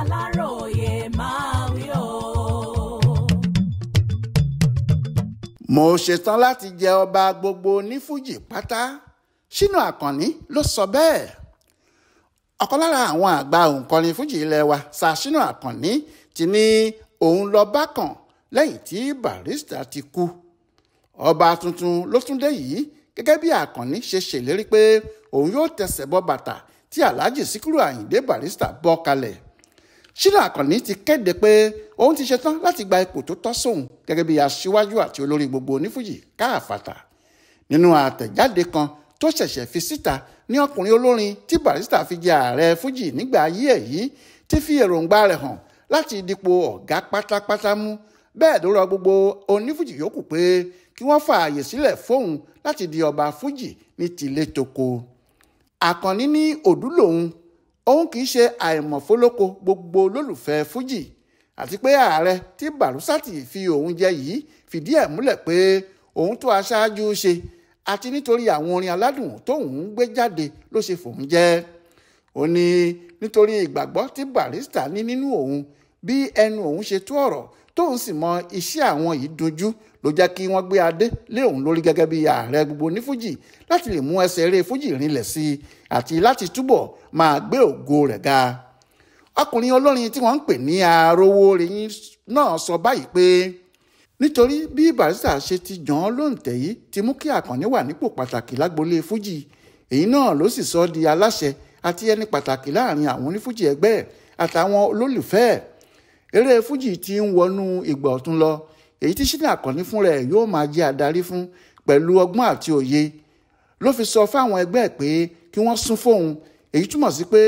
aláròye máa wí o. mo ṣetán láti jẹ ọba gbogbo onífújì pátá Ṣínà Àkànní ló sọ bẹ́ẹ̀ ọ̀kan lára àwọn àgbà òǹkọrin fújì ilẹ̀ wa Sir Ṣínà Àkànní ti ní òun lọ bá kàn lẹ́yìn tí Barrister ti kú ọba tuntun ló tún dé yìí gẹ́gẹ́ bí Àkànní ṣe ṣèlérí pé òun yóò tẹsẹ̀ bọ bàtà tí Alhaji Síkírù Àyìndé Barrister bọ́ kalẹ̀ Sheila Akànnì ti kéde pé òun ti ṣetán láti gba ipò tó tọ́ sóun gẹ́gẹ́ bí aṣíwájú àti olórí gbogbo onífújì káàfàtà nínú àtẹ̀jáde kan tó ṣẹ̀ṣẹ̀ fi síta ní ọkùnrin olórin tí Barrister fi jẹ ààrẹ fújì nígbà ayé ẹ̀ yìí ti fi èròǹgbà rẹ̀ hàn láti dipò ọ̀gá pátápátá mú bẹ́ẹ̀ ló rọ gbogbo onífújì yòókù pé kí wọ́n fààyè sílẹ̀ fóun láti di ọba fújì ní tìlé toko Àkànní ní òdú lòun òun kì í ṣe àìmọ̀fólóko gbogbo olólùfẹ́ fújì àti pé ààrẹ tí bàrúsàtì fi òun jẹ yìí fìdí ẹ̀ múlẹ̀ pé òun tó aṣáájú ṣe àti nítorí àwọn orin aládùn tóun ń gbé jáde ló ṣe fòun jẹ ó ní nítorí ìgbàgbọ́ tí Barrister ní nínú òun bí ẹnu òun ṣe tú ọ̀rọ̀ tóun sì mọ iṣẹ́ àwọn yìí dojú ló jẹ́ kí wọ́n gbé adé lé òun lórí gẹ́gẹ́ bí ààrẹ gbogbo ní fújì láti lè mú ẹsẹ̀ eré fújì rinlẹ̀ sí i àti láti túbọ̀ máa gbé ògo rẹ̀ ga. ọkùnrin olórin tí wọ́n ń pè ní Arówóoyìn náà sọ báyìí pé nítorí bí Barrister ṣe ti jàn án lóǹtẹ̀ yìí ti mú kí Àkànní wà nípò pàtàkì lágboolé fújì èyí náà ló sì sọ di aláṣẹ àti ẹni pàtàkì láàrin àwọn onífújì ẹgbẹ́ àtàwọn olólùfẹ́ ẹ̀ eré fújì ti ń wọnú ìgbà ọ̀tun lọ èyí tí Ṣínà Àkànní fún rẹ̀ yóò máa jẹ́ adarí fún pẹ̀lú ọgbọ́n àti òye ló fi sọ fáwọn ẹgbẹ́ pé kí wọ́n sún fóun èyí túmọ̀ sí pé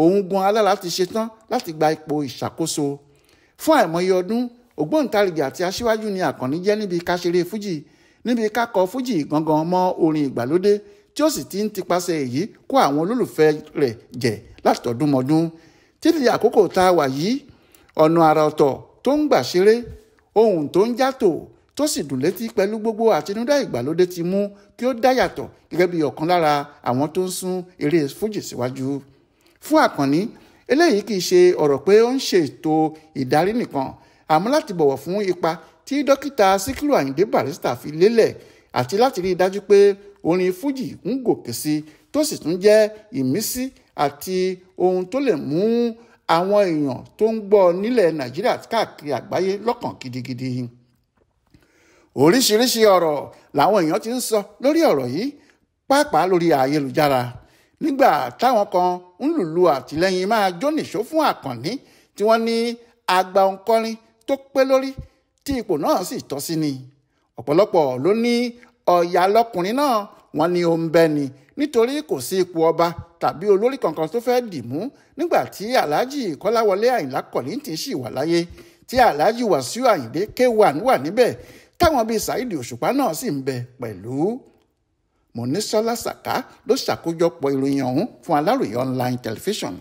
òun gan alára ti ṣetán láti gba ipò ìṣàkóso fún àìmọye ọdún ògbóǹtarìgì àti aṣíwájú ni Àkànní jẹ́ níbi káṣeré fújì níbi kákọ fújì gangan mọ́ orin ìgbàlódé tí ó sì ti ń tipasẹ̀ èyí kó àwọn olólùfẹ́ rẹ̀ jẹ látọdúnmọdún títí àkókò tá a wà yìí ọ̀nà àrà ọ̀tọ̀ tó ń gbà ṣeré ohun tó ń yàtọ̀ tó sì dùn létí pẹ̀lú gbogbo àtinúdá ìgbàlódé ti mú kí ó dá yàtọ̀ gẹ́gẹ́ bí ọ̀kan lára àwọn tó ń sún eré fújì síwájú. fún àkànní eléyìí kì í ṣe ọ̀rọ̀ pé ó ń ṣe ètò ìdarí nìkan àmọ́ láti bọ̀wọ̀ fún ipa tí dókítà síkírù àyìndé barrister fi lélẹ̀ àti láti rí i dájú pé orin fújì ń gòkè sí tó sì tún jẹ́ ìmísí àti ohun tó lè mú àwọn èèyàn tó ń gbọ́ nílẹ̀ nàìjíríà káàkiri àgbáyé lọ́kàn gidigidi oríṣiríṣi ọ̀rọ̀ làwọn èèyàn ti ń sọ lórí ọ̀rọ̀ yìí pàápàá lórí ayélujára nígbà táwọn kan ń lùlù àtìlẹ́yìn máa jónìṣó fún àkànní tí wọ́n ní àgbà òǹkọrin tó pé lórí tí ipò náà sì tọ́ sí ni ọ̀pọ̀lọpọ̀ ló ní ọ̀yà lọkùnrin náà wọ́n ní ó ń ni nítorí kò sí ipò ọba tàbí olórí kankan tó fẹ́ dì mú nígbà tí alhaji kọ́láwọlé àyìnlá kọ̀lìntì sì wà láyé tí alhaji wàsíù àyìndé k1 wà níbẹ̀ táwọn bíi saheed òṣùpá náà sì ń bẹ pẹ̀lú. mọ̀nísọ́lá sàká ló ṣàkójọpọ̀ ìròyìn ọ̀hún fún aláròye online television.